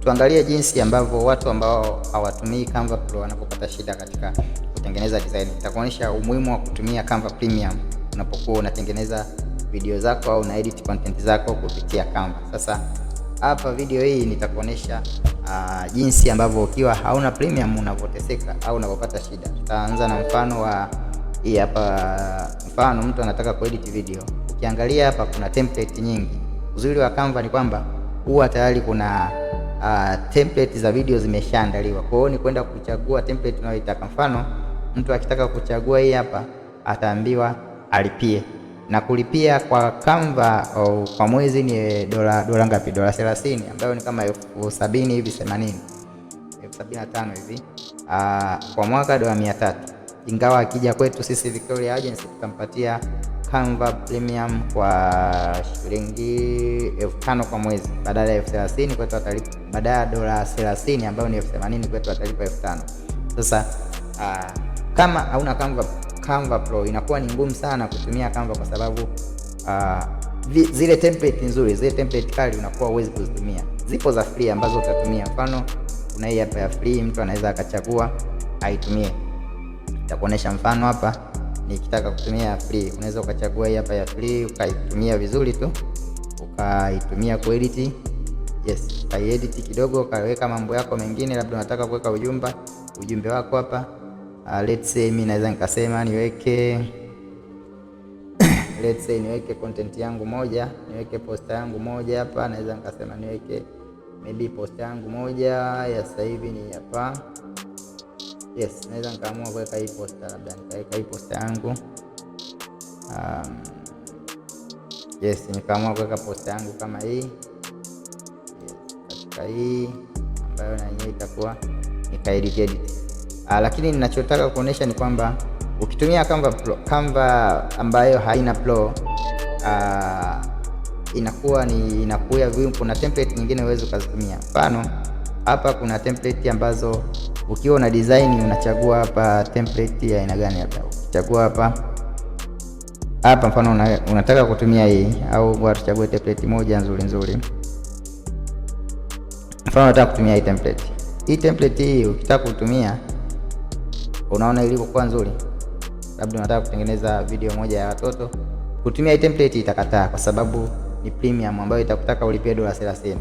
tuangalie jinsi ambavyo watu ambao hawatumii Canva Pro wanapopata shida katika kutengeneza design. Nitakuonyesha umuhimu wa kutumia Canva Premium unapokuwa unatengeneza video zako au una edit content zako kupitia Canva. Sasa hapa video hii nitakuonyesha uh, jinsi ambavyo ukiwa hauna premium unavyoteseka au unapopata shida. Tutaanza na mfano wa hii hapa. Mfano mtu anataka kuedit video, ukiangalia hapa kuna template nyingi. Uzuri wa Canva ni kwamba huwa tayari kuna uh, template za video zimeshaandaliwa. Kwa hiyo ni kwenda kuchagua template unayoitaka. Mfano, mtu akitaka kuchagua hii hapa ataambiwa alipie na kulipia kwa Canva oh, kwa mwezi ni eh, dola dola ngapi? Dola 30 ambayo ni kama elfu sabini hivi 80 elfu sabini na tano hivi ah, kwa mwaka dola mia ingawa akija kwetu sisi Victoria Agency tutampatia Canva Premium kwa shilingi elfu tano kwa mwezi badala ya elfu thelathini kwetu watalipa, badala ya dola thelathini ambayo ni elfu themanini kwetu watalipa elfu tano Sasa uh, kama hauna Canva, Canva Pro inakuwa ni ngumu sana kutumia Canva kwa sababu aa, ah, zile template nzuri, zile template kali unakuwa huwezi kuzitumia. Zipo za free ambazo utatumia, mfano kuna hii hapa ya free, mtu anaweza akachagua aitumie. Nitakuonesha mfano hapa nikitaka kutumia free, unaweza ukachagua hii hapa ya free ukaitumia vizuri tu ukaitumia kuedit. Yes, kaiedit kidogo, ukaweka mambo yako mengine, labda unataka kuweka ujumba ujumbe wako hapa. Uh, let's say mimi naweza nikasema niweke let's say niweke content yangu moja, niweke post yangu moja hapa, naweza nikasema niweke maybe post yangu moja ya sasa hivi ni hapa Yes, naweza nikaamua kuweka hii posta, labda nikaweka hii posta yangu. Um, yes, nikaamua kuweka posta yangu kama hii yes, katika hii ambayo na yenyewe itakuwa nikaedit. Uh, ah, lakini ninachotaka kuonesha ni kwamba ukitumia Canva Pro, Canva ambayo haina Pro uh, inakuwa ni inakuya view. Kuna template nyingine uweze ukazitumia, mfano hapa kuna template ambazo ukiwa una design unachagua hapa template ya aina gani, hapa chagua hapa hapa, mfano una, unataka kutumia hii au tuchague template moja nzuri nzuri, mfano unataka kutumia hii template. Hii template hii ukitaka kutumia, unaona ilivyokuwa nzuri, labda unataka kutengeneza video moja ya watoto, kutumia hii template itakataa kwa sababu ni premium ambayo itakutaka ulipie dola 30,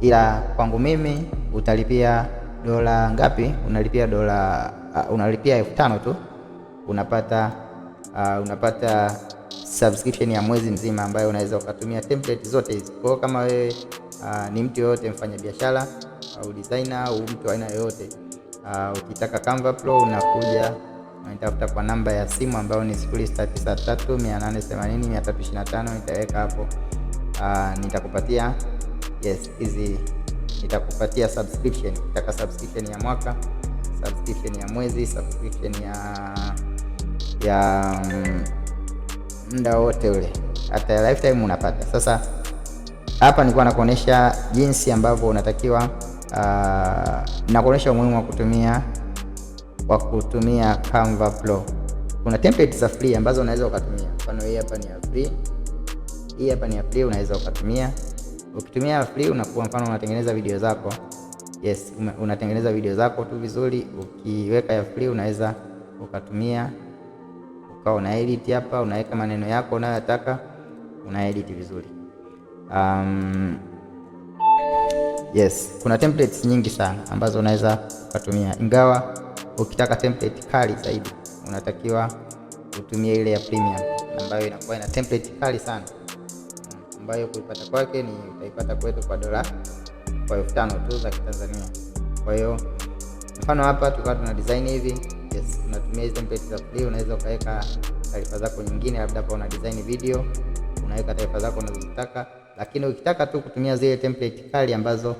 ila kwangu mimi utalipia dola ngapi? Unalipia dola uh, unalipia elfu tano tu unapata uh, unapata subscription ya mwezi mzima ambayo unaweza ukatumia template zote hizi. Kwa kama wewe uh, ni mtu yoyote mfanyabiashara au designer au mtu aina yoyote uh, ukitaka Canva Pro unakuja unatafuta kwa namba ya simu ambayo ni 0693880325 nitaweka hapo uh, nitakupatia yes hizi nitakupatia subscription. Nitaka subscription ya mwaka, subscription ya mwezi, subscription ya ya mm, muda wote ule, hata ya lifetime unapata. Sasa hapa nilikuwa nakuonesha jinsi ambavyo unatakiwa uh, nakuonesha umuhimu wa kutumia wa kutumia Canva Pro. Kuna template za free ambazo unaweza ukatumia. Mfano hii hapa ni ya free, hii hapa ni ya free, unaweza ukatumia Ukitumia free unakuwa mfano unatengeneza video zako yes, unatengeneza video zako tu vizuri. Ukiweka ya free unaweza ukatumia ukawa una edit hapa, unaweka maneno yako unayotaka una edit vizuri. Um, yes, kuna templates nyingi sana ambazo unaweza ukatumia, ingawa ukitaka template kali zaidi unatakiwa utumie ile ya premium ambayo inakuwa ina template kali sana ambayo kuipata kwake ni utaipata kwetu kwa dola kwa elfu tano tu za Kitanzania. Kwa hiyo mfano hapa tukawa tuna design hivi yes, unatumia hizo template za free, unaweza ukaweka taarifa zako nyingine, labda hapa una design video, unaweka taarifa zako unazotaka, lakini ukitaka tu kutumia zile template kali ambazo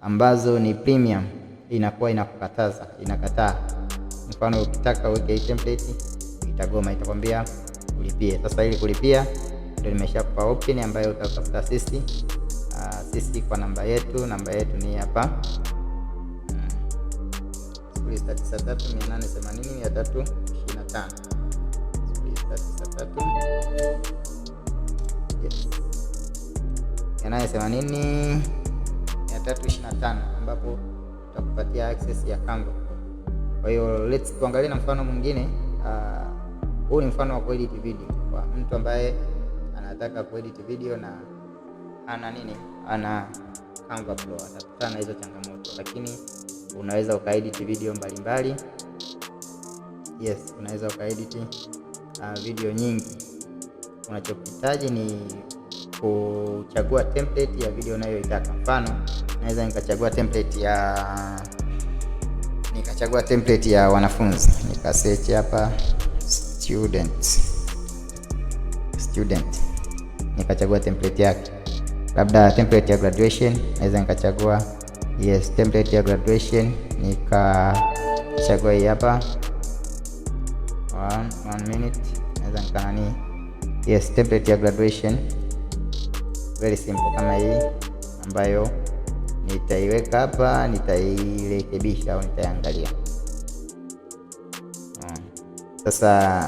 ambazo ni premium, inakuwa inakukataza, inakataa. Mfano ukitaka uweke hii templete itagoma, itakwambia ulipie. Sasa ili kulipia ndio nimeshakupa option ambayo utatafuta sisi uh, sisi kwa namba yetu, namba yetu ni hapa 0693880325 hmm. 0693 yes 880 325 ambapo tutakupatia access ya Canva. Kwa hiyo let's tuangalie na mfano mwingine. Ah, huu uh, ni mfano wa kuedit video kwa mtu ambaye anataka kuedit video na ana nini, ana Canva Pro, atakutana na hizo changamoto, lakini unaweza ukaedit video mbalimbali mbali. Yes, unaweza ukaedit uh, video nyingi. Unachohitaji ni kuchagua template ya video unayoitaka. Mfano, naweza nikachagua template ya nikachagua template ya wanafunzi nikasearch hapa student student nikachagua template yake, labda template ya graduation, naweza nikachagua yes, template ya graduation nikachagua hii hapa. One, one minute, naweza nikanani, yes, template ya graduation very simple kama hii ambayo nitaiweka hapa, nitairekebisha au nitaiangalia sasa.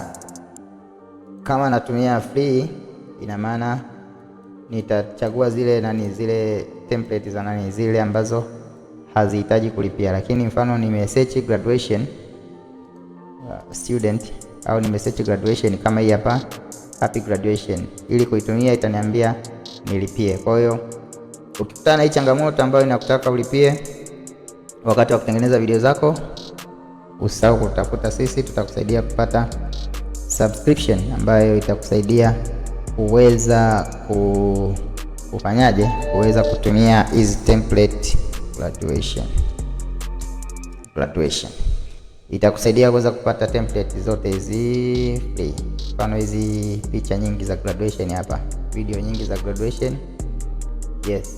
Kama natumia free ina maana nitachagua zile nani, zile template za nani, zile ambazo hazihitaji kulipia. Lakini mfano nimesearch graduation uh, student au nimesearch graduation kama hii hapa happy graduation, ili kuitumia itaniambia nilipie. Kwa hiyo ukikutana na hii changamoto ambayo inakutaka ulipie wakati wa kutengeneza video zako, usahau kutafuta sisi, tutakusaidia kupata subscription ambayo itakusaidia kuweza kufanyaje, kuweza kutumia hizi template graduation graduation itakusaidia kuweza kupata template zote hizi free. Mfano hizi picha nyingi za graduation hapa, video nyingi za graduation yes,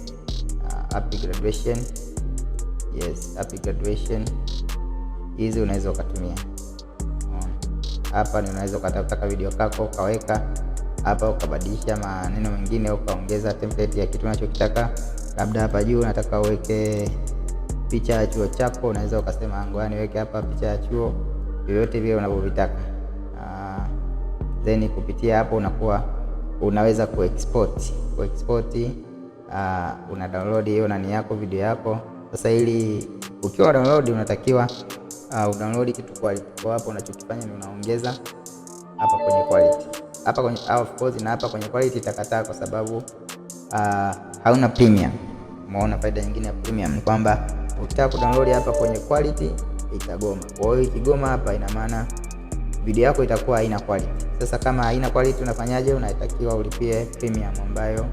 uh, happy graduation yes, happy graduation hizi unaweza ukatumia hapa. Ni unaweza ukatafuta video kako ukaweka hapa ukabadilisha maneno mengine, ukaongeza template ya kitu unachokitaka. Labda hapa juu unataka uweke picha ya chuo chako, unaweza ukasema ngoani weke hapa picha ya chuo yoyote vile unavyovitaka. Ah, then kupitia hapo unakuwa unaweza kuexport kuexport. Uh, una download hiyo nani yako video yako. Sasa ili ukiwa download unatakiwa uh, ah, download kitu kwa hapo, unachokifanya ni unaongeza hapa kwenye, of course na hapa kwenye quality itakataa kwa sababu uh, hauna premium. Umeona faida nyingine ya premium ni kwamba ukitaka kudownload hapa kwenye quality itagoma. Kwa hiyo ikigoma hapa, ina maana video yako itakuwa haina quality. Sasa kama haina quality unafanyaje? Unatakiwa ulipie premium ambayo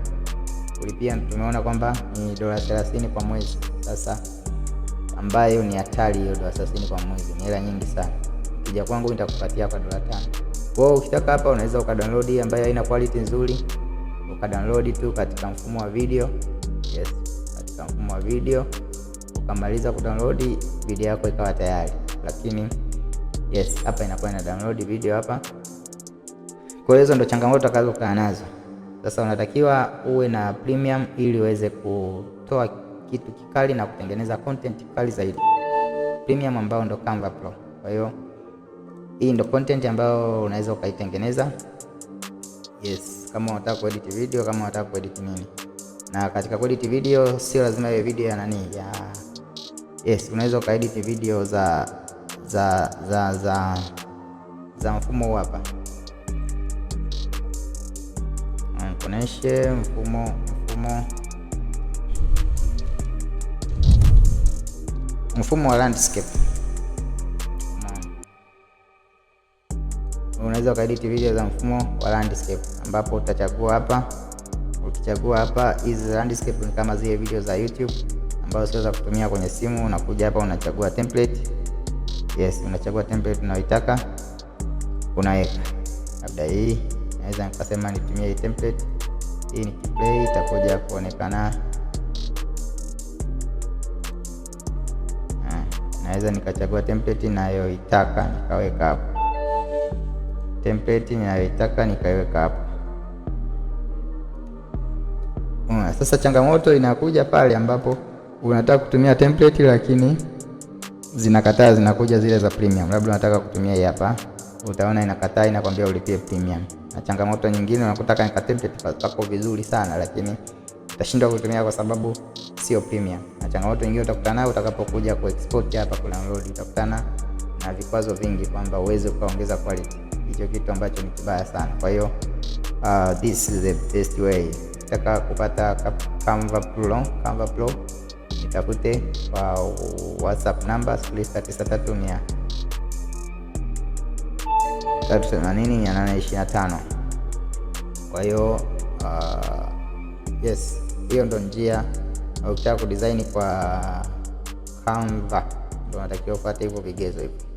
ulipia tumeona kwamba ni dola 30 kwa mwezi. Sasa ambayo ni hatari hiyo, dola 30 kwa mwezi ni hela nyingi sana. Kija kwangu nitakupatia kwa dola tano. Kwa hiyo ukitaka hapa unaweza ukadownload ambayo haina quality nzuri, ukadownload tu katika mfumo wa video. Yes, katika mfumo wa video ukamaliza kudownload video yako ikawa tayari, lakini yes, hapa inakuwa ina download video hapa. Kwa hiyo hizo ndo changamoto utakazokutana nazo. Sasa unatakiwa uwe na premium ili uweze kutoa kitu kikali na kutengeneza content kikali zaidi, premium ambao ndo Canva Pro. Kwa hiyo hii ndo content ambayo unaweza ukaitengeneza. Yes, kama unataka kuedit video, kama unataka kuedit nini. Na katika kuedit video sio lazima iwe video ya nani ya yes, unaweza ukaedit video za za za za za mfumo huu hapa, nikuoneshe mfumo mfumo mfumo wa landscape. unaweza ukaedit video za mfumo wa landscape, ambapo utachagua hapa. Ukichagua hapa, hizi landscape ni kama zile video za YouTube ambazo sio kutumia kwenye simu. Unakuja hapa unachagua template. Yes, unachagua template unayoitaka unaweka, labda hii naweza nikasema nitumie hii template hii, ni play itakuja kuonekana. Ah, naweza nikachagua template nayoitaka nikaweka hapo template ninayoitaka nikaiweka hapo. Sasa changamoto inakuja pale ambapo unataka kutumia template lakini zinakataa, zinakuja zile za premium. Labda unataka kutumia hii hapa, utaona inakataa, inakwambia ulipie premium. Na changamoto nyingine unakutaka nika template pako vizuri sana, lakini utashindwa kutumia kwa sababu sio premium. Na changamoto nyingine utakutana nayo utakapokuja kuexport hapa, kuna download, utakutana na vikwazo vingi kwamba uweze ukaongeza quality sio kitu ambacho ni kibaya sana. Kwa hiyo uh, this is the best way. Nataka kupata Canva Pro, Canva Pro nitafute kwa WhatsApp namba 0693 380 kwa hiyo uh, yes, hiyo ndo njia. Ukitaka kudesign kwa Canva ndo natakiwa upate hivyo vigezo hivyo.